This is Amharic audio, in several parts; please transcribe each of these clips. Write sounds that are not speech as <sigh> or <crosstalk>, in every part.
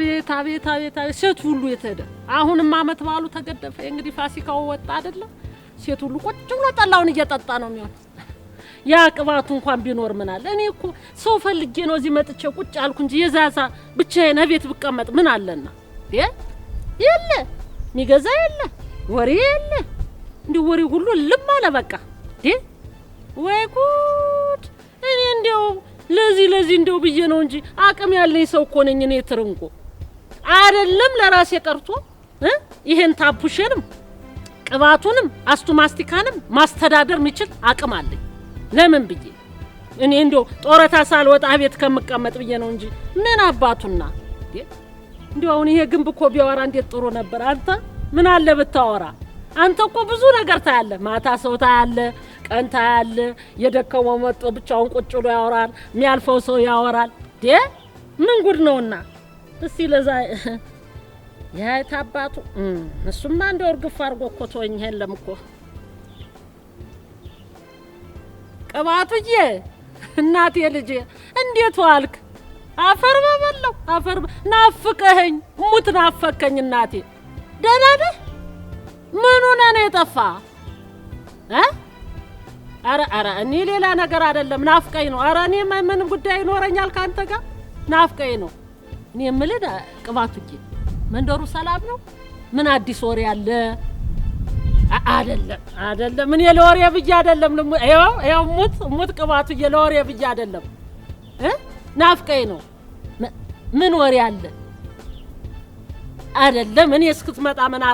አቤት አቤት አቤት አቤት ሴት ሁሉ የተደ አሁንም አመት በዓሉ ተገደፈ። እንግዲህ ፋሲካው ወጣ አይደለም? ሴት ሁሉ ቁጭ ብሎ ጠላውን እየጠጣ ነው የሚሆን። ያ ቅባቱ እንኳን ቢኖር ምን አለ? እኔ እኮ ሰው ፈልጌ ነው እዚህ መጥቼ ቁጭ አልኩ እንጂ የዛዛ ብቻዬን ቤት ብቀመጥ ምን አለና? የለ የሚገዛ የለ ወሬ የለ እንዲህ ወሬ ሁሉ ልም አለ በቃ። ወይ ጉድ! እኔ እንዲያው ለዚህ ለዚህ እንደው ብዬ ነው እንጂ አቅም ያለኝ ሰው እኮ ነኝ እኔ ትርንጎ አይደለም ለራሴ ቀርቶ ይሄን ታፑሽንም ቅባቱንም አስቱማስቲካንም ማስተዳደር የሚችል አቅም አለኝ። ለምን ብዬ እኔ እንዲያው ጦረታ ሳልወጣ ቤት ከምቀመጥ ብዬ ነው እንጂ ምን አባቱና እንዲያው አሁን ይሄ ግንብ እኮ ቢያወራ እንዴት ጥሩ ነበር። አንተ ምን አለ ብታወራ። አንተ እኮ ብዙ ነገር ታያለ። ማታ ሰው ታያለ፣ ቀን ታያለ። የደከመው መጥቶ ብቻውን ቁጭ ብሎ ያወራል፣ የሚያልፈው ሰው ያወራል። ምን ጉድ ነውና እስቲ ለዛ የሀይት አባቱ እሱማ እንደ እርግፍ አድርጎ እኮ ተወኝ። የለም እኮ ቅባቱዬ፣ እናቴ ልጄ፣ እንዴት ዋልክ? አፈር በበላው አፈር ናፍቀኸኝ፣ ሙት ናፈከኝ እናቴ። ደህና ነህ? ምኑ ነህ ነው የጠፋ? አረ አረ፣ እኔ ሌላ ነገር አይደለም ናፍቀኝ ነው። አረ እኔ ምን ጉዳይ ይኖረኛል ካንተ ጋር? ናፍቀኝ ነው እኔ የምልህ ቅባቱጌ መንደሩ ሰላም ነው? ምን አዲስ ወሬ አለ? አይደለም አይደለም፣ እኔ ለወሬ ብዬ አይደለም። ይኸው ይኸው ሙት ሙት ቅባቱዬ፣ ለወሬ ብዬ አይደለም። ናፍቀኝ ነው። ምን ወሬ አለ? አይደለም እኔ እስክትመጣ ምን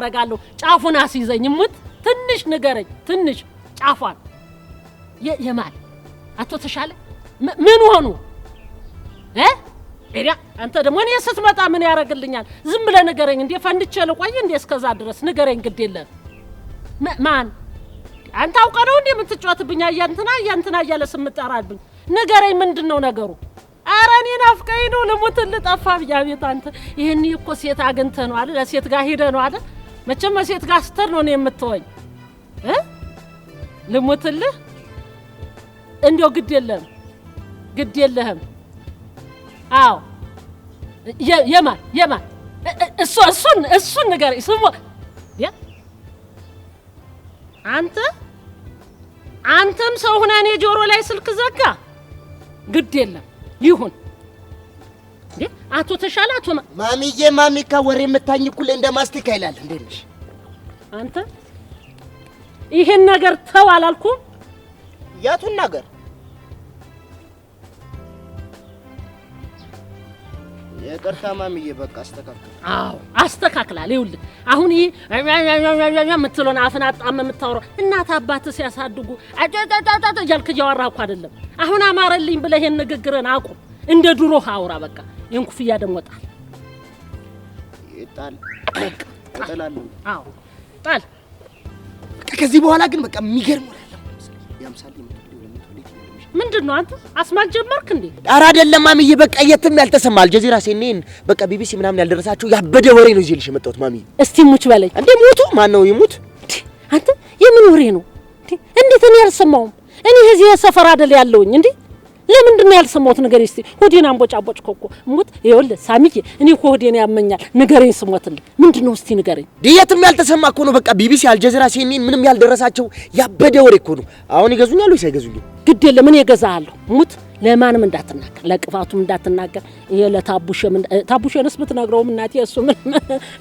ጫፉን አስይዘኝ። ሙት ትንሽ ንገረኝ፣ ትንሽ ጫፏን። አቶ ተሻለ ምን ሆኑ? ሄዳ አንተ ደግሞ እኔ ስትመጣ ምን ያደርግልኛል? ዝም ብለህ ንገረኝ እንዴ ፈንድቼ ልቆይ እንዴ? እስከዛ ድረስ ንገረኝ። ግድ የለም ማን አንተ አውቀህ ነው እንዴ የምትጫወትብኝ? አያንትና አያንትና እያለ ስምጠራልብኝ ንገረኝ። ምንድን ነው ነገሩ? ኧረ እኔ ናፍቀኝ ነው ልሙት ልጠፋ ብያ ቤት አንተ ይህን እኮ ሴት አግኝተህ ነው አለ ለሴት ጋር ሄደ ነው አለ መቼም ሴት ጋር ስትል ነው እኔ የምትወኝ እ ልሙትልህ። እንዲያው ግድ የለም ግድ የለህም አዎ የማን የማን እሱ እሱን እሱን ንገረኝ። ስሙ አንተ አንተም ሰው ሆነ እኔ ጆሮ ላይ ስልክ ዘጋ። ግድ የለም ይሁን። አቶ ተሻለ አቶ ማሚዬ ማሚካ ወሬ የምታኝ እኩል እንደ ማስቲካ ይላል። እንዴት ነሽ አንተ? ይሄን ነገር ተው አላልኩም። ያቱን ነገር ይቅርታ ማምዬ፣ በቃ አስተካክል። አዎ አስተካክላል። ይኸውልህ አሁን ይህ የምትለውን አፍን አጣም የምታወራው እናት አባት ሲያሳድጉ አጫጫጫጫ እያልክ እያወራህ እኮ አይደለም። አሁን አማረልኝ ብለህ ይሄን ንግግርን አቁም። እንደ ድሮ አውራ በቃ። ይህን ኩፍያ ደግሞ ጣል ጣል እጥላለሁ። አዎ ጣል። ከዚህ በኋላ ግን በቃ የሚገርም ያምሳል ምንድን ነው አንተ አስማት ጀመርክ እንዴ? ኧረ አይደለም ማሚዬ፣ በቃ የትም ያልተሰማ አልጀዚራ ሴኔን በቃ ቢቢሲ ምናምን ያልደረሳቸው ያበደ ወሬ ነው ይዤልሽ የመጣሁት ማሚዬ። እስቲ ሙች በለኝ እንዴ። ሞቱ ማን ነው ይሙት? አንተ የምን ወሬ ነው እንዴት እኔ አልሰማሁም? እኔ እዚህ የሰፈር አይደል ያለውኝ እንዴ? ለምንድን ነው ያልሰማሁት? ንገረኝ እስቲ ሆዴን አንቦጫ ኮኮ ሙት። ይኸውልህ ሳሚዬ፣ እኔ እኮ ሆዴን ያመኛል። ንገረኝ ስሞትልኝ፣ ምንድን ነው እስቲ ንገረኝ። የትም ያልተሰማ እኮ ነው በቃ ቢቢሲ፣ አልጀዚራ ሴኔን ምንም ያልደረሳቸው ያበደ ወሬ እኮ ነው። አሁን ይገዙኛል ወይስ አይገዙኝም? ግድ የለም እኔ እገዛሃለሁ። ሙት ለማንም እንዳትናገር፣ ለቅፋቱም እንዳትናገር። ይሄ ለታቡሼ ታቡሼንስ ብትነግረውም እናቴ እሱ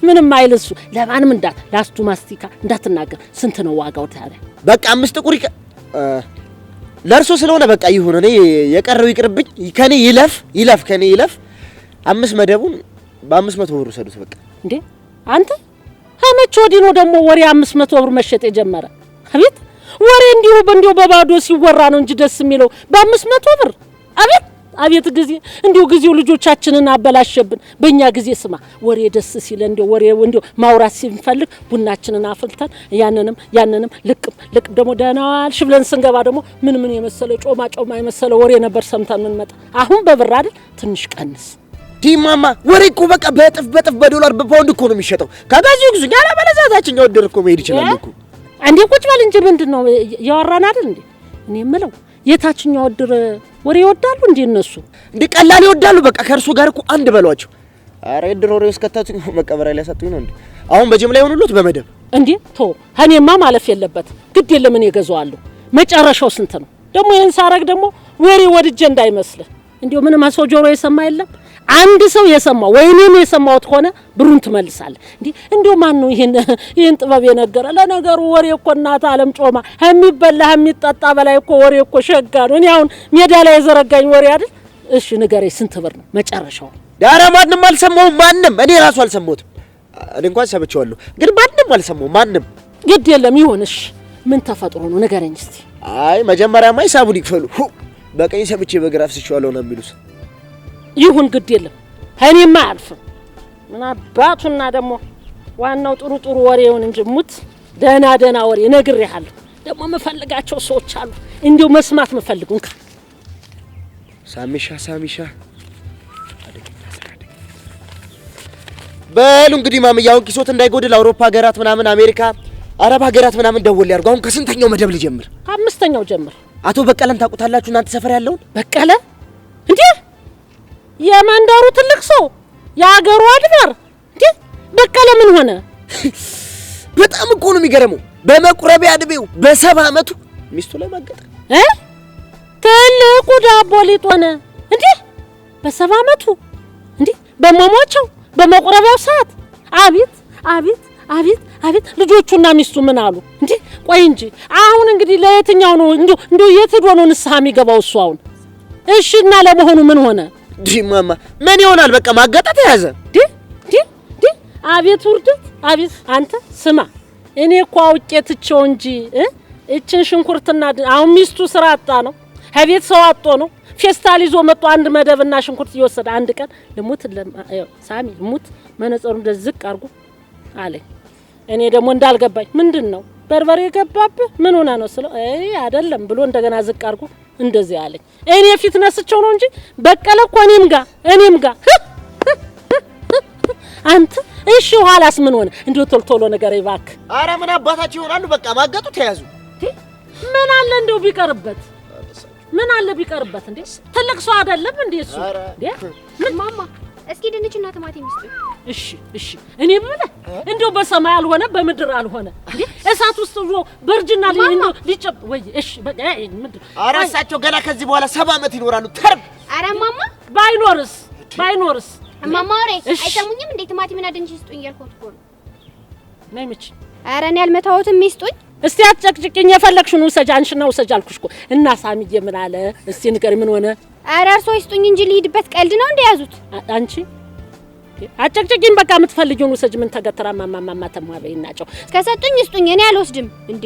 ምንም አይል። እሱ ለማንም እንዳት ላስቱ ማስቲካ እንዳትናገር። ስንት ነው ዋጋው ታዲያ? በቃ አምስት ጥቁር ይቀ ለእርሶ ስለሆነ በቃ ይሁን። እኔ የቀረው ይቅርብኝ። ከኔ ይለፍ ይለፍ፣ ከኔ ይለፍ። አምስት መደቡን በአምስት መቶ ብር ሰዱት። በቃ እንዴ አንተ ከመቼ ወዲህ ነው ደግሞ ወሬ አምስት መቶ ብር መሸጥ የጀመረ? አቤት ወሬ እንዲሁ እንዲሁ በባዶ ሲወራ ነው እንጂ ደስ የሚለው በአምስት መቶ ብር አቤት አቤት ጊዜ እንዲሁ ጊዜው ልጆቻችንን አበላሸብን። በእኛ ጊዜ ስማ ወሬ ደስ ሲለ እንዲሁ ወሬ እንዲሁ ማውራት ሲንፈልግ ቡናችንን አፍልተን ያንንም ያንንም ልቅም ልቅ ደግሞ ደህና ዋልሽ ብለን ስንገባ ደግሞ ምን ምን የመሰለ ጮማ ጮማ የመሰለ ወሬ ነበር ሰምተን የምንመጣ። አሁን በብር አይደል ትንሽ ቀንስ ዲማማ ወሬ እኮ በቃ በእጥፍ በእጥፍ በዶላር በፓውንድ እኮ ነው የሚሸጠው። ከጋዚው ግዙኝ፣ አለበለዚያ ታችኛው ወደር እኮ መሄድ ይችላል እኮ አንዴ ቁጭ በል እንጂ ምንድን ነው ያወራን አይደል እንዴ? እኔ የምለው የታችኛው እድር ወሬ ይወዳሉ እንዴ? እነሱ እንዴ ቀላል ይወዳሉ። በቃ ከእርሱ ጋር እኮ አንድ በሏቸው። አረ እድር ወሬ ውስጥ ከታችኝ መቀበሪያ ላይ ያሳጡኝ ነው እንዴ? አሁን በጅምላ ላይ ይሆኑሉት በመደብ እንዴ? ቶ እኔማ ማለፍ የለበት ግድ የለም እኔ እገዛዋለሁ። መጨረሻው ስንት ነው ደግሞ? ይህን ሳረግ ደግሞ ወሬ ወድጄ እንዳይመስልህ እንዴ። ምንም ሰው ጆሮ የሰማ የለም አንድ ሰው የሰማው ወይ ነው የሰማሁት ሆነ ብሩን ትመልሳለህ። እንዲ እንዲሁ ማን ነው ይሄን <laughs> ይሄን ጥበብ የነገረ? ለነገሩ ወሬ እኮ እናት አለም ጮማ የሚበላ የሚጠጣ በላይ እኮ ወሬ እኮ ሸጋ ነው። እኔ አሁን ሜዳ ላይ የዘረጋኝ ወሬ አይደል? እሺ ንገረኝ፣ ስንት ብር ነው መጨረሻው? ዳራ ማንም አልሰማውም። ማንም እኔ ራሱ አልሰማሁትም። እኔ እንኳን ሰምቼዋለሁ፣ ግን ማንም አልሰማውም። ማንም ግድ የለም ይሆንሽ። ምን ተፈጥሮ ነው ንገረኝ እስቲ። አይ መጀመሪያማ ሂሳቡን ይክፈሉ። በቀኝ ሰምቼ በግራፍ አፍስሼዋለሁ ነው የሚሉት ይሁን ግድ የለም እኔማ አያልፍም። ምን አባቱና ደግሞ ዋናው ጥሩ ጥሩ ወሬውን እንጂ ሙት ደህና ደህና ወሬ ነግሬሃለሁ። ደግሞ የምፈልጋቸው ሰዎች አሉ እንዲሁ መስማት የምፈልጉ እንካ ሳሚሻ ሳሚሻ በሉ እንግዲህ ማምዬ አሁን ኪሶት እንዳይጎድል አውሮፓ ሀገራት ምናምን አሜሪካ አረብ ሀገራት ምናምን ደወል ያድርጉ። አሁን ከስንተኛው መደብ ልጀምር? ከአምስተኛው ጀምር። አቶ በቀለን ታውቁታላችሁ እናንተ ሰፈር ያለውን በቀለ እንዴ የመንደሩ ትልቅ ሰው የአገሩ አድባር እንዴ በቀለ ምን ሆነ? በጣም እኮ ነው የሚገርመው። በመቁረቢያ እድሜው በሰባ አመቱ ሚስቱ ላይ ማገጠ እ ትልቁ ዳቦ ሊጥ ሆነ እንዴ በሰባ አመቱ እንዴ በመሞቸው በመቁረቢያው ሰዓት አቤት አቤት አቤት አቤት ልጆቹና ሚስቱ ምን አሉ? እንዴ ቆይ እንጂ አሁን እንግዲህ ለየትኛው ነው እንዴ እንዴ የት ሄዶ ነው ንስሐ የሚገባው እሱ አሁን? እሺ እና ለመሆኑ ምን ሆነ? ዲማማ ምን ይሆናል? በቃ ማጋጣት የያዘ ዲ ዲ ዲ አቤት ውርደት! አቤት አንተ ስማ፣ እኔ እኮ አውቄ ትቼው እንጂ እችን ሽንኩርትና አሁን ሚስቱ ስራ አጣ ነው ከቤት ሰው አጦ ነው ፌስታል ይዞ መጥቶ አንድ መደብና ሽንኩርት እየወሰደ አንድ ቀን ልሙት ሳሚ ልሙት መነጸሩ ደዝቅ አርጉ አድርጎ አለኝ። እኔ ደግሞ እንዳልገባኝ ምንድን ነው በርበሬ የገባብህ ምን ሆና ነው ስለው አይ አይደለም ብሎ እንደገና ዝቅ አድርጎ እንደዚህ አለኝ። እኔ ፊት ነስቸው ነው እንጂ በቀለ እኮ እኔም ጋ እኔም ጋ አንተ እሺ፣ ኋላስ ምን ሆነ? እንዲሁ ቶሎ ቶሎ ነገር ይባክ። አረ ምን አባታቸው ይሆናሉ። በቃ ማገጡ ተያዙ። ምን አለ እንደው ቢቀርበት ምን አለ ቢቀርበት እንዴ? ትልቅ ሰው አይደለም እንዴ እሱ እንዴ? ምን ማማ እስኪ ድንችና ቲማቲም ይስጡ። እሺ እሺ። እኔ ምን እንደው በሰማይ አልሆነ በምድር አልሆነ እሳት ውስጥ ሆኖ በእርጅና ሊጨብ ወይ? እሺ በቃ ምንድን ኧረ እሳቸው ገና ከዚህ በኋላ ሰባ አመት ይኖራሉ። ተርብ ኧረ እማማ ባይኖርስ ባይኖርስ እማማ ወሬ አይሰሙኝም እንዴ? ቲማቲምና ድንች ይስጡኝ ያልኩት እኮ ነው። ነይ ምች ኧረ እኔ አልመታሁትም ይስጡኝ እስቲ አትጨቅጭቅኝ። የፈለግሽን ውሰጅ፣ አንሽና ውሰጅ አልኩሽ እኮ። እና ሳሚዬ ምን አለ እስቲ ንገሪኝ፣ ምን ሆነ? ኧረ እርሶ ይስጡኝ እንጂ ልሂድበት። ቀልድ ነው እንደያዙት። አንቺ አትጨቅጭቅኝ፣ በቃ የምትፈልጊውን ውሰጅ። ምን ተገትራ ማማማማ ተሟበይ ናቸው። ከሰጡኝ ይስጡኝ፣ እኔ አልወስድም። እንዴ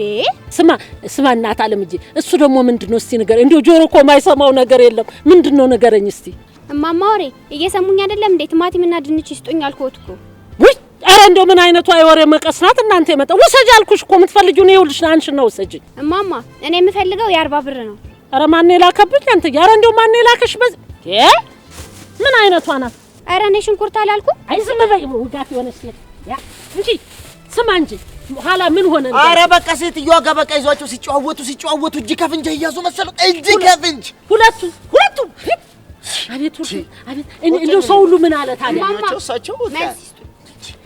ስማ ስማ፣ እናት አለም እንጂ እሱ ደግሞ ምንድን ነው እስቲ ንገር፣ እንዲሁ ጆሮ እኮ ማይሰማው ነገር የለም። ምንድን ነው ንገረኝ እስቲ። እማማ ወሬ እየሰሙኝ አይደለም እንዴ? ቲማቲምና ድንች ይስጡኝ አልኩት እኮ ኧረ እንደው ምን አይነቱ አይወሬ መቀስ ናት እናንተ የመጣ ውሰጅ አልኩሽ እኮ የምትፈልጊው ነው። ይኸውልሽ አንቺን ነው ውሰጅ። እማማ እኔ የምፈልገው የአርባ ብር ነው። ኧረ ማነው የላከብኝ አንተ? ኧረ እንደው ማነው የላከሽ? በዝ ምን አይነቷ ናት? ኧረ እኔ ሽንኩርት አላልኩ። አይ ዝም በይ ውጋት የሆነች ሴት ያ እንጂ ስማ እንጂ ኋላ ምን ሆነ? አረ በቃ ሴትዮዋ ጋር በቃ ይዟቸው ሲጨዋወቱ ሲጨዋወቱ እጅ ከፍንጅ እያዙ መሰሉ እጅ ከፍንጅ ሁለቱ ሁለቱ አቤት አቤት እንደው ሰው ሁሉ ምን አለ ታዲያ እሳቸው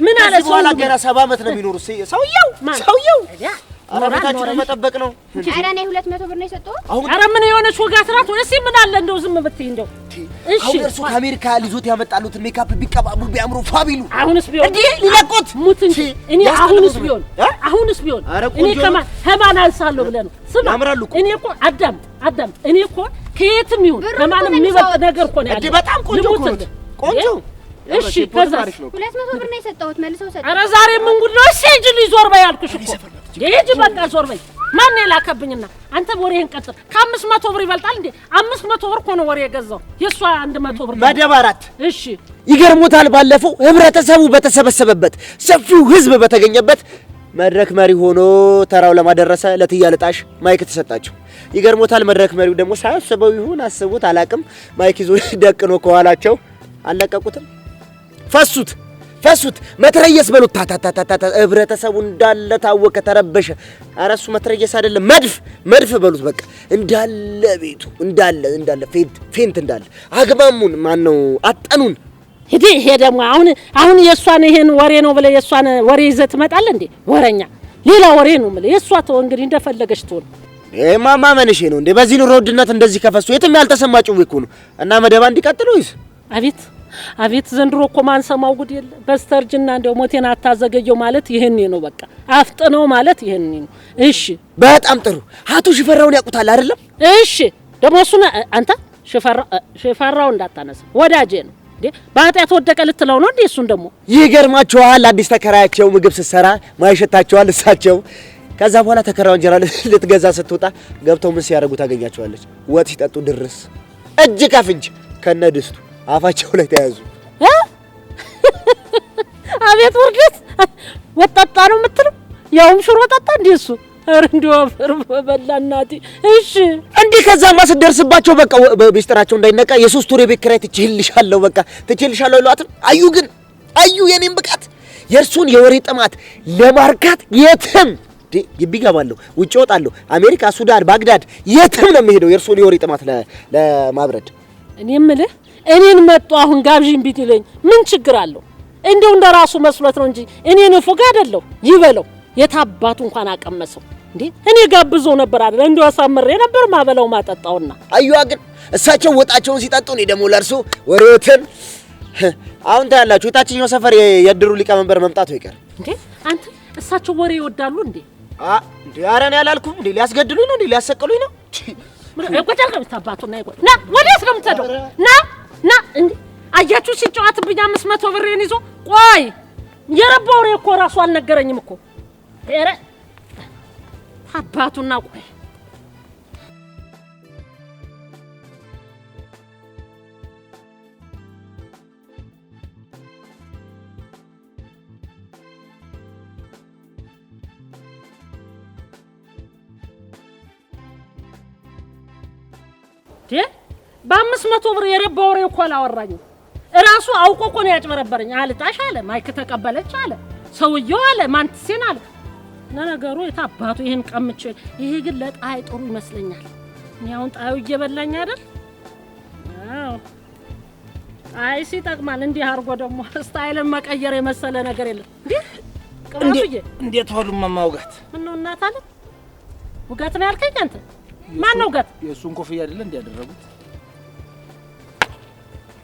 ምን አለ ሰው በኋላ ገና ሰባ ዓመት ነው የሚኖሩ ሰውየው ሰውየው ኧረ ቤታችንን መጠበቅ ነው። ኧረ እኔ ሁለት መቶ ብር ነው የሰጠው። ኧረ ምን የሆነች ወግ አስራት ወይስ ምን አለ እንደው ዝም ብትይ እንደው። እሺ አሁን እርሱ ከአሜሪካ ሊዞት ያመጣሉት ሜካፕ ቢቀባቡ ቢያምሩ ፋቢሉ አሁንስ ቢሆን እንዴ ሊለቁት ሙት እንጂ እኔ አሁንስ ቢሆን አሁንስ ቢሆን እኔ ከማ ከማን አልሳለሁ ብለህ ነው? ስማ ያምራሉ እኮ እኔ እኮ አዳም አዳም እኔ እኮ ከየትም ይሁን ከማንም የሚበልጥ ነገር እኮ ነው ያለው። በጣም ቆንጆ ቆንጆ እሺ ከዛ ሁለት መቶ ብር ነው የሰጠሁት መልሰው ሰጠ። ኧረ ዛሬ ምን ጉድ ነው? እሺ ሂጂ ልጅ ዞር በይ ያልኩሽ እኮ ሂጂ በቃ ዞር በይ። ማን የላከብኝና አንተ ወሬህን ቀጥል። ከአምስት መቶ ብር ይበልጣል እንዴ? አምስት መቶ ብር እኮ ነው ወሬ የገዛው የእሷ አንድ መቶ ብር መደብ አራት። እሺ ይገርሞታል። ባለፈው ህብረተሰቡ በተሰበሰበበት ሰፊው ህዝብ በተገኘበት መድረክ መሪ ሆኖ ተራው ለማደረሰ ለትያ ልጣሽ ማይክ ተሰጣቸው። ይገርሞታል። መድረክ መሪው ደግሞ ሳያስበው ይሁን አስቡት አላቅም ማይክ ይዞ ደቅኖ ከኋላቸው አልለቀቁትም። ፈሱት ፈሱት መትረየስ በሉት። ታታታታታ ህብረተሰቡ እንዳለ ታወቀ፣ ተረበሸ። ኧረ እሱ መትረየስ አይደለም መድፍ መድፍ በሉት። በቃ እንዳለ ቤቱ እንዳለ እንዳለ ፌንት ፌንት እንዳለ አግማሙን ማን ነው አጠኑን። ሂድ ይሄ ደግሞ አሁን አሁን የእሷን ይሄን ወሬ ነው ብለህ የእሷን ወሬ ይዘህ ትመጣለህ እንዴ? ወሬኛ ሌላ ወሬ ነው የምልህ። የእሷ ተወው እንግዲህ እንደፈለገች ትሆን። ይሄማ ማመንሽ ነው እንዴ? በዚህ ኑሮ ውድነት እንደዚህ ከፈሱ የትም ያልተሰማ ጭው እኮ ነው። እና መደባ እንዲቀጥል ወይስ አቤት አቤት ዘንድሮ እኮ ማንሰማው ጉድ የለ። በስተርጅና እንደው ሞቴን አታዘገየው ማለት ይህኔ ነው። በቃ አፍጥነው ማለት ይህኔ ነው። እሺ፣ በጣም ጥሩ። አቶ ሽፈራውን ያውቁታል አይደለም? እሺ፣ ደግሞ እሱን አንተ ሽፈራው እንዳታነሳ ወዳጄ ነው። በኃጢአት ወደቀ ልትለው ነው እንዴ? እሱን ደግሞ ይገርማችኋል፣ አዲስ ተከራያቸው ምግብ ስትሰራ ማይሸታቸዋል እሳቸው ከዛ በኋላ ተከራው እንጀራ ልትገዛ ስትወጣ ገብተው ምን ሲያደርጉ ታገኛቸዋለች? ወጥ ሲጠጡ ድርስ እጅ ከፍንጅ ከነ ድስቱ አፋቸው ላይ ተያዙ። <laughs> አቤት ውርደት! ወጣጣ ነው የምትለው? ያውም ሽሮ ወጣጣ እንዴ እሱ እንዲ ወፈር በላ እናቴ። እሺ እንዲህ ከዛማ ስትደርስባቸው በቃ ሚስጥራቸው እንዳይነቃ የሶስት ወር የቤት ኪራይ ትችልሻለሁ፣ በቃ ትችልሻለሁ ይሏትም። አዩ ግን አዩ የኔን ብቃት የእርሱን የወሬ ጥማት ለማርካት የትም ግቢ እገባለሁ፣ ውጭ እወጣለሁ፣ አሜሪካ፣ ሱዳን፣ ባግዳድ የትም ነው የምሄደው የእርሱን የወሬ ጥማት ለማብረድ እኔ የምልህ እኔን መጡ አሁን ጋብዥን ቢት ይለኝ ምን ችግር አለው? እንደው እንደ ራሱ መስሎት ነው እንጂ እኔን ፎጋ አይደለሁ ይበለው። የታባቱ እንኳን አቀመሰው እንዴ! እኔ ጋብዞ ነበር አይደል? እንደው አሳምሬ ነበር ማበላው ማጠጣውና። አዩዋ ግን እሳቸው ወጣቸውን ሲጠጡ እኔ ደግሞ ለእርሱ ወሬዎትን አሁን ታያላችሁ። የታችኛው ሰፈር የድሩ ሊቀመንበር መምጣቱ ይቀር እንዴ? አንተ እሳቸው ወሬ ይወዳሉ እንዴ? እንዴ ኧረ እኔ አላልኩም እንዴ። ሊያስገድሉኝ ነው እንዴ? ሊያሰቅሉኝ ነው። ቆጨር ከምታባቱ ና ወዲያ ስለምትሄደው ና ና እንዴ አያችሁ ሲጫወትብኝ አምስት መቶ ብሬን ይዞ ቆይ የረባው ወሬ እኮ እራሱ አልነገረኝም እኮ ኧረ አባቱና ቆይ ዴ በአምስት መቶ ብር የረባ ወሬ እኮ አላወራኝም። እራሱ አውቆ እኮ ነው ያጭበረበረኝ። አልጣሽ አለ፣ ማይክ ተቀበለች አለ፣ ሰውየው አለ፣ ማንትሴን አለ። ለነገሩ የታባቱ ይህን ቀምቼ። ይሄ ግን ለጣይ ጥሩ ይመስለኛል። እኔ አሁን ጣዩ እየበላኝ አይደል? አዎ ጣይ ሲጠቅማል። እንዲህ አድርጎ ደግሞ ስታይልን መቀየር የመሰለ ነገር የለም። ቅባቱዬ እንዴት ሆሉ ማማ ውጋት ምነው እናት አለ ውጋት ነው ያልከኝ አንተ? ማን ነው ውጋት? የእሱን ኮፍያ አይደለ እንዲያደረጉት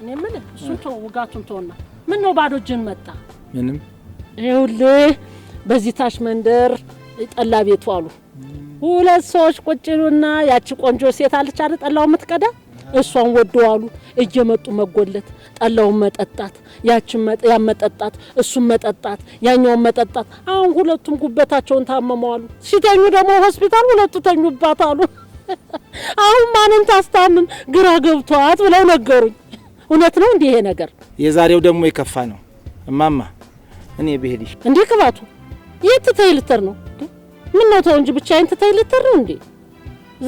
እኔ የምልህ እሱን ተው፣ ውጋቱን ተውና፣ ምን ነው ባዶ እጅን መጣ? ምንም ይኸውልህ፣ በዚህ ታች መንደር ጠላ ቤቱ አሉ ሁለት ሰዎች ቁጭ ይሉና ያቺ ቆንጆ ሴት አለች አለ ጠላው የምትቀዳ እሷን ወደዋሉ እየመጡ መጎለት ጠላውን መጠጣት ያችን መጠጣት እሱን መጠጣት ያኛውን መጠጣት። አሁን ሁለቱም ጉበታቸውን ታመመዋሉ። ሲተኙ ደግሞ ሆስፒታል ሁለቱ ተኙባት አሉ። <laughs> አሁን ማንን ታስታምም ግራ ገብቷት ብለው ነገሩኝ። እውነት ነው እንዲህ ይሄ ነገር? የዛሬው ደግሞ የከፋ ነው እማማ። እኔ ብሄድ ይሽ እንዴ ቅባቱ የት ትተይ ልትር ነው? ምን ነው ተው እንጂ ብቻዬን ትተይ ልትር ነው እንዴ?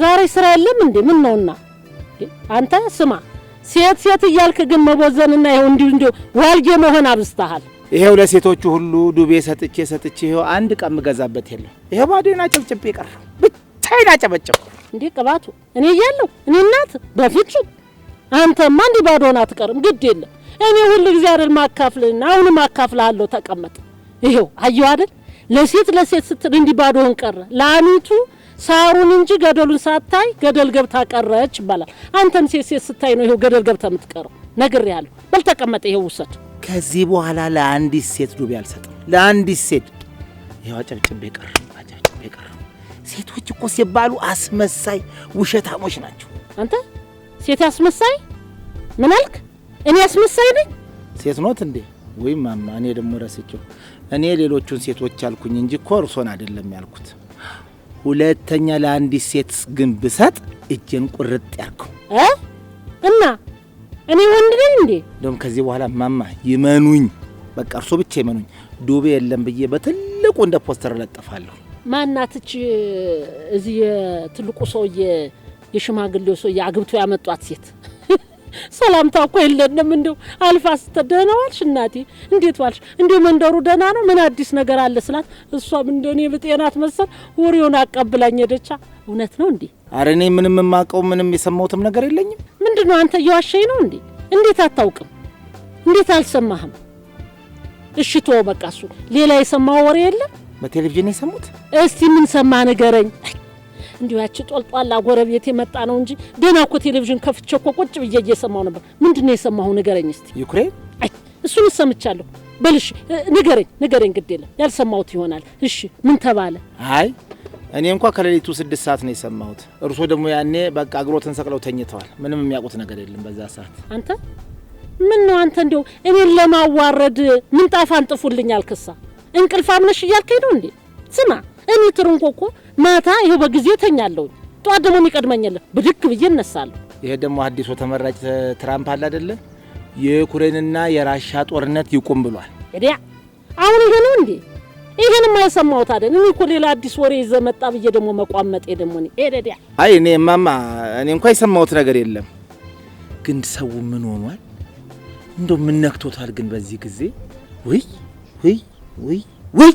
ዛሬ ስራ የለም እንዴ? ምን ነውና አንተ ስማ፣ ሴት ሴት እያልክ ግን መቦዘንና ይኸው እንዲሁ እንዲሁ ዋልጌ መሆን አብዝተሃል። ይሄው ለሴቶቹ ሁሉ ዱቤ ሰጥቼ ሰጥቼ ይሄው አንድ ቀን የምገዛበት የለም። ይሄው ባዶና ጨብጭቤ ቀረሁ፣ ብቻዬን አጨበጨብኩ። እንዴ ቅባቱ እኔ እያለሁ እኔ እናት በፍጹም አንተማ እንዲህ ባዶን አትቀርም። ግድ የለም እኔ ሁሉ ጊዜ አይደል ማካፍልህና አሁንም አካፍልሃለሁ። ተቀመጥ። ይሄው አየሁ አይደል ለሴት ለሴት ስትል እንዲህ ባዶን ቀረ። ላሚቱ ሳሩን እንጂ ገደሉን ሳታይ ገደል ገብታ ቀረች ይባላል። አንተም ሴት ሴት ስታይ ነው ይሄው ገደል ገብታ የምትቀረው። ነግሬሃለሁ። በል ተቀመጠ። ይሄው ውሰድ። ከዚህ በኋላ ለአንዲት ሴት ዱቤ አልሰጥም። ለአንዲት ሴት ይኸው አጨብጭቤ ቀረ። አጨብጭቤ ቀረ። ሴቶች እኮ ሲባሉ አስመሳይ ውሸታሞች ናቸው። አንተ ሴት አስመሳይ ምን አልክ? እኔ አስመሳይ ነኝ? ሴት ኖት እንዴ? ወይ ማማ፣ እኔ ደግሞ ረስቼው፣ እኔ ሌሎቹን ሴቶች አልኩኝ እንጂ እኮ እርሶን አይደለም ያልኩት። ሁለተኛ ለአንዲት ሴት ግን ብሰጥ እጄን ቁርጥ ያልከው እና እኔ ወንድ ነኝ እንዴ? እንደውም ከዚህ በኋላ ማማ ይመኑኝ፣ በቃ እርሶ ብቻ ይመኑኝ። ዱቤ የለም ብዬ በትልቁ እንደ ፖስተር እለጥፋለሁ። ማናትች እዚህ የትልቁ ሰውዬ የሽማግሌው ሰው አግብቶ ያመጧት ሴት <laughs> ሰላምታ እኮ የለንም። እንደው አልፋ ስተ ደህና ዋልሽ እናቴ፣ እንዴት ዋልሽ? እንዲሁ መንደሩ ደህና ነው? ምን አዲስ ነገር አለ ስላት፣ እሷም እንደኔ ብጤናት መሰል ወሬውን አቀብላኝ ሄደቻ። እውነት ነው እንዴ? አረ እኔ ምንም የማውቀው ምንም የሰማሁትም ነገር የለኝም። ምንድን ነው አንተ እየዋሸኝ ነው እንዴ? እንዴት አታውቅም? እንዴት አልሰማህም? እሺ ተወው በቃ እሱ ሌላ የሰማው ወሬ የለም። በቴሌቪዥን የሰሙት እስቲ ምን ሰማ ንገረኝ። እንዲሁ ያቺ ጦልጧላ ጎረቤት የመጣ ነው እንጂ ደህና እኮ ቴሌቪዥን ከፍቼ እኮ ቁጭ ብዬ እየሰማሁ ነበር። ምንድን ነው የሰማሁ? ንገረኝ እስቲ። ዩክሬን? አይ እሱን ሰምቻለሁ። በልሽ ንገረኝ፣ ንገረኝ። ግድ የለም ያልሰማሁት ይሆናል። እሺ ምን ተባለ? አይ እኔ እንኳ ከሌሊቱ ስድስት ሰዓት ነው የሰማሁት። እርሶ ደግሞ ያኔ በቃ አግሮ ተንሰቅለው ተኝተዋል። ምንም የሚያውቁት ነገር የለም በዛ ሰዓት። አንተ ምን ነው አንተ እንዲያው እኔን ለማዋረድ ምንጣፍ አንጥፉልኝ አልክሳ እንቅልፍ አምነሽ እያልከኝ ነው እንዴ? ስማ እኔ ትርንኮ እኮ ማታ ይኸው በጊዜው ተኛለሁ። ጠዋት ደግሞ የሚቀድመኝ የለም፣ ብድክ ብዬ እነሳለሁ። ይሄ ደግሞ አዲሱ ተመራጭ ትራምፕ አለ አይደለ? የዩክሬንና የራሻ ጦርነት ይቁም ብሏል። እዲያ አሁን ይሄ ነው እንዴ? ይሄንማ የሰማሁት አይደል? እኔ እኮ ሌላ አዲስ ወሬ ይዘህ መጣ ብዬ ደግሞ መቋመጤ ደግሞ እኔ ኤደዲያ አይ እኔ ማማ እኔ እንኳ የሰማሁት ነገር የለም። ግን ሰው ምን ሆኗል? እንደው ምን ነክቶታል? ግን በዚህ ጊዜ ውይ ውይ ውይ ውይ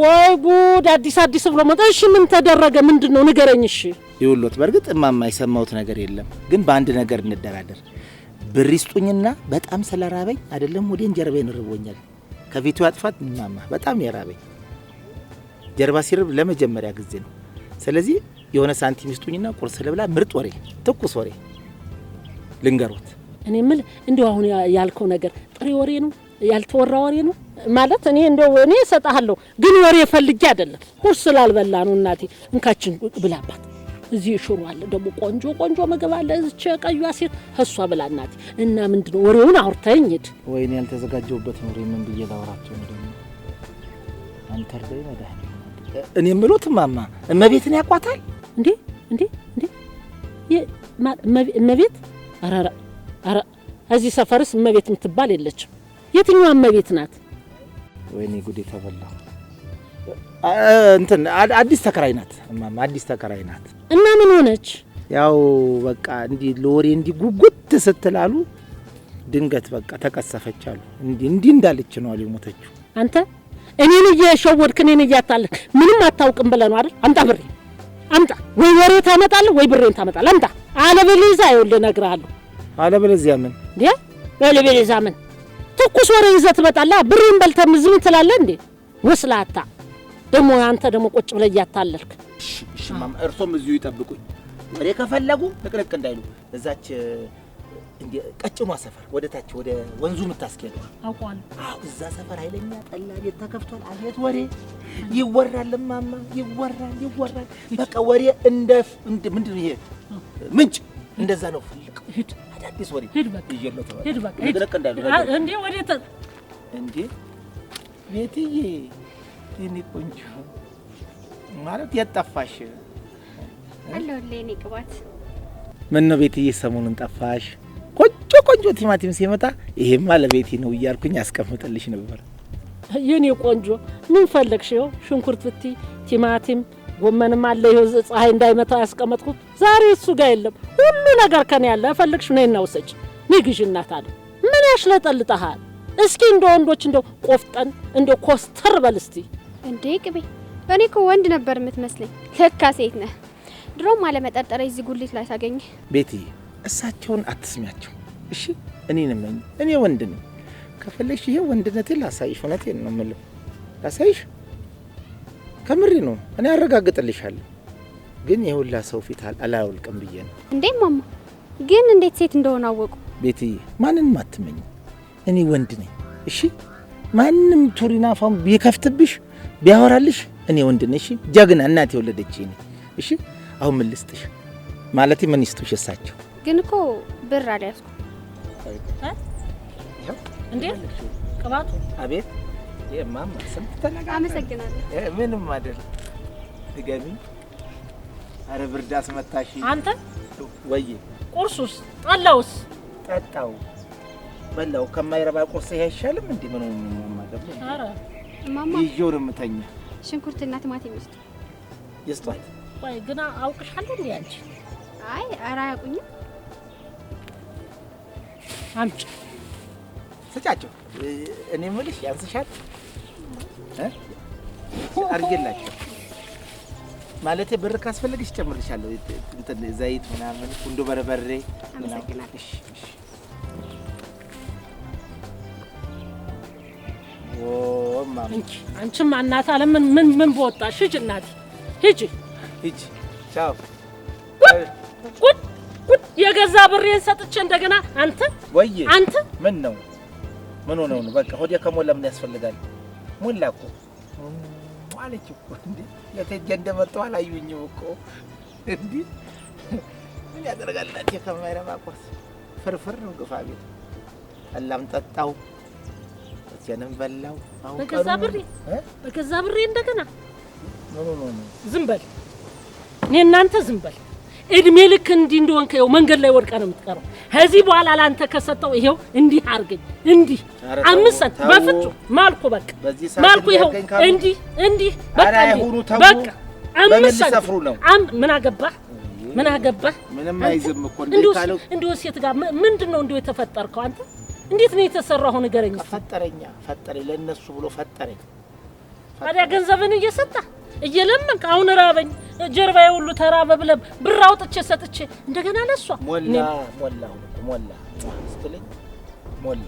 ወይ ጉድ! አዲስ አዲስ ብሎ መጣ። እሺ ምን ተደረገ? ምንድን ነው ንገረኝ። እሺ ይውሎት። በእርግጥ እማማ የሰማሁት ነገር የለም፣ ግን በአንድ ነገር እንደራደር። ብር ይስጡኝና በጣም ስለራበኝ አይደለም ወዴን ጀርባዬን ርቦኛል። ከፊቱ ያጥፋት እማማ፣ በጣም የራበኝ ጀርባ ሲርብ ለመጀመሪያ ጊዜ ነው። ስለዚህ የሆነ ሳንቲም ይስጡኝና ቁርስ ልብላ። ምርጥ ወሬ፣ ትኩስ ወሬ ልንገሮት። እኔ ምል እንዲሁ አሁን ያልከው ነገር ጥሬ ወሬ ነው፣ ያልተወራ ወሬ ነው ማለት እኔ እንደው እኔ እሰጥሃለሁ፣ ግን ወሬ ፈልጌ አይደለም። ቁርስ ስላልበላ ነው እናቴ። እንካችን ብላባት እዚህ ሽሮ አለ ደግሞ ቆንጆ ቆንጆ ምግብ አለ። እዚች ቀዩዋ ሴት እሷ ብላ እናቴ። እና ምንድን ነው ወሬውን አውርተኝ ሂድ። ወይኔ ያልተዘጋጀሁበት ወሬ ምን ብዬ ላውራቸው? አንተር በይ መድኃኒት። እኔ የምሉት ማማ እመቤትን ያቋታል እንዴ? እንዴ? እንዴ? እመቤት? ኧረ ኧረ እዚህ ሰፈርስ እመቤት የምትባል የለችም። የትኛዋ እመቤት ናት? ወይኔ ጉድ ተበላ። እንትን አዲስ ተከራይ ናት እማማ፣ አዲስ ተከራይ ናት። እና ምን ሆነች? ያው በቃ እንዲህ ለወሬ እንዲህ ጉጉት ስትላሉ ድንገት በቃ ተቀሰፈች አሉ። እንዲህ እንዲህ እንዳለች ነው የሞተችው። አንተ እኔን እየሸወድክ እኔን እያታለልክ ምንም አታውቅም ብለህ ነው አይደል? አምጣ ብሬ አምጣ፣ ወይ ወሬ ታመጣለህ ወይ ብሬን ታመጣለህ። አምጣ አለበለዚያ ይኸውልህ እነግርሃለሁ። አለበለዚያ ምን? አለበለዚያ ምን ትኩስ ወሬ ይዘህ ትመጣለህ። ብሬን በልተህ ዝም ትላለህ እንዴ? ወስላታ ደግሞ አንተ ደግሞ ቁጭ ብለህ እያታለልክ። እሺ ማማ፣ እርሶም እዚሁ ይጠብቁኝ። ወሬ ከፈለጉ ንቅንቅ እንዳይሉ እዛች እንደ ቀጭኗ ሰፈር ወደ ታች ወደ ወንዙ የምታስኬድ አውቀዋለሁ። አዎ እዛ ሰፈር ኃይለኛ ጠላ ቤት ተከፍቷል። አቤት ወሬ ይወራል ማማ፣ ይወራል ይወራል። በቃ ወሬ እንደ ምንድን ይሄ ምንጭ እንደዛ ነው ፈልቀው አዳዲስ ወሬ ሂድ በቃ ሂድ በቃ እንዴ! ወዴት እንዴ! ቤትዬ የእኔ ቆንጆ ማለት አለሁልህ የእኔ ቅባት። ቤትዬ ሰሞኑን ጠፋሽ? ቆንጆ ቆንጆ ቲማቲም ሲመጣ ይሄማ ለቤቴ ነው እያልኩኝ አስቀምጥልሽ ነበር። የእኔ ቆንጆ ምን ፈለግሽ? ይኸው ሽንኩርት ብትይ ቲማቲም ጎመንም አለ። ይሄ ፀሐይ እንዳይመታ ያስቀመጥኩት ዛሬ እሱ ጋር የለም። ሁሉ ነገር ከኔ ያለ እፈልግሽ ነይ እና ውሰጅ ንግሽ አለ። ምን ያሽለጠልጠሃል? እስኪ እንደ ወንዶች እንደ ቆፍጠን እንደ ኮስተር በል እስቲ። እንዴ ቅቤ እኔ እኮ ወንድ ነበር የምትመስለኝ። ለካ ሴት ነህ። ድሮም አለመጠርጠረ እዚህ ጉሊት ላይ ታገኘ። ቤትዬ እሳቸውን አትስሚያቸው እሺ። እኔ ነኝ እኔ ወንድ ነኝ። ከፈለግሽ ይሄ ወንድነቴ ላሳይሽ። እውነቴን ነው የምልህ ላሳይሽ ከምሬ ነው። እኔ አረጋግጥልሻለሁ፣ ግን የሁላ ሰው ፊት አላውልቅም ብዬ ነው። እንዴ ማማ፣ ግን እንዴት ሴት እንደሆነ አወቁ? ቤትዬ፣ ማንንም አትመኝ። እኔ ወንድ ነኝ። እሺ፣ ማንም ቱሪና ፋም ቢከፍትብሽ ቢያወራልሽ፣ እኔ ወንድ ነኝ። እሺ፣ ጀግና እናት የወለደች እኔ። እሺ፣ አሁን ምን ልስጥሽ? ማለቴ ምን ይስጡሽ? እሳቸው ግን እኮ ብር አልያዝኩም። እንዴ ቅባቱ! አቤት የማማ ስም ተነጋግረን። አመሰግናለሁ። ምንም አይደለም። ድገሚ። ኧረ ብርድ አስመታሽ። አንተ ወይ ቁርሱስ ጠላውስ? ጠጣው በላው ከማይረባ ቁርስ ይሄ አይሻልም እንዴ? ምን ነው ማገብ? ኧረ እማማ ይዤው ነው የምተኛ። ሽንኩርትና ቲማቲም ይስጡ ይስጧት። ወይ ግና አውቅሻለሁ እንዴ አንቺ? አይ ኧረ አያውቁኝም። አምጪ ስጫቸው። እኔ የምልሽ ያንስሻል አድርጌላቸው ማለት ብር ካስፈለግሽ እንትን ዘይት ምናምን ቁንዶ በርበሬ አንቺም እናት አለ ምን ምን ምን በወጣሽ? ሂጂ እናት ሂጂ ሂጂ። ቻው። ቁጥ ቁጥ የገዛ ብሬን ሰጥቼ እንደገና አንተ ወይ አንተ ምን ነው ምን ሆነው ነው? በቃ ሆዴ ከሞላ ምን ያስፈልጋል? ሞላ እኮ አለች እኮ እንዴ! ለተጀ እንደመጣሁ አላዩኝም እኮ እንዴ! ምን ያደርጋል እናቴ ከማይረባ ፍርፍር ነው ግፋ ቤት ጠላም ጠጣው እቴንም በላው። አሁን በገዛ ብሬ በገዛ ብሬ እንደገና ዝም በል እኔ እናንተ ዝም በል እድሜ ልክ እንዲህ እንደሆንክ ይኸው መንገድ ላይ ወድቀህ ነው የምትቀረው። ከዚህ በኋላ ለአንተ ከሰጠው ይኸው እንዲህ አድርገኝ፣ እንዲህ አምስት ሰዓት በፍፁም ማልኩ፣ በቃ ማልኩ፣ ይኸው እንዲህ እንዲህ፣ በቃ በቃ አምስት ሰዓት ምን አገባህ? ምን አገባህ? እንዲሁ ሴት ጋር ምንድን ነው እንዲሁ የተፈጠርከው አንተ? እንዴት ነው የተሰራሁ ንገረኝ። ፈጠረኛ ፈጠረኝ፣ ለእነሱ ብሎ ፈጠረኝ። ታዲያ ገንዘብን እየሰጠህ እየለመንክ አሁን ራበኝ ጀርባዬ ሁሉ ተራበ ብለህ ብር አውጥቼ ሰጥቼ እንደገና ለሷ ሞላ ሞላ ሞላ ስትለኝ ሞላ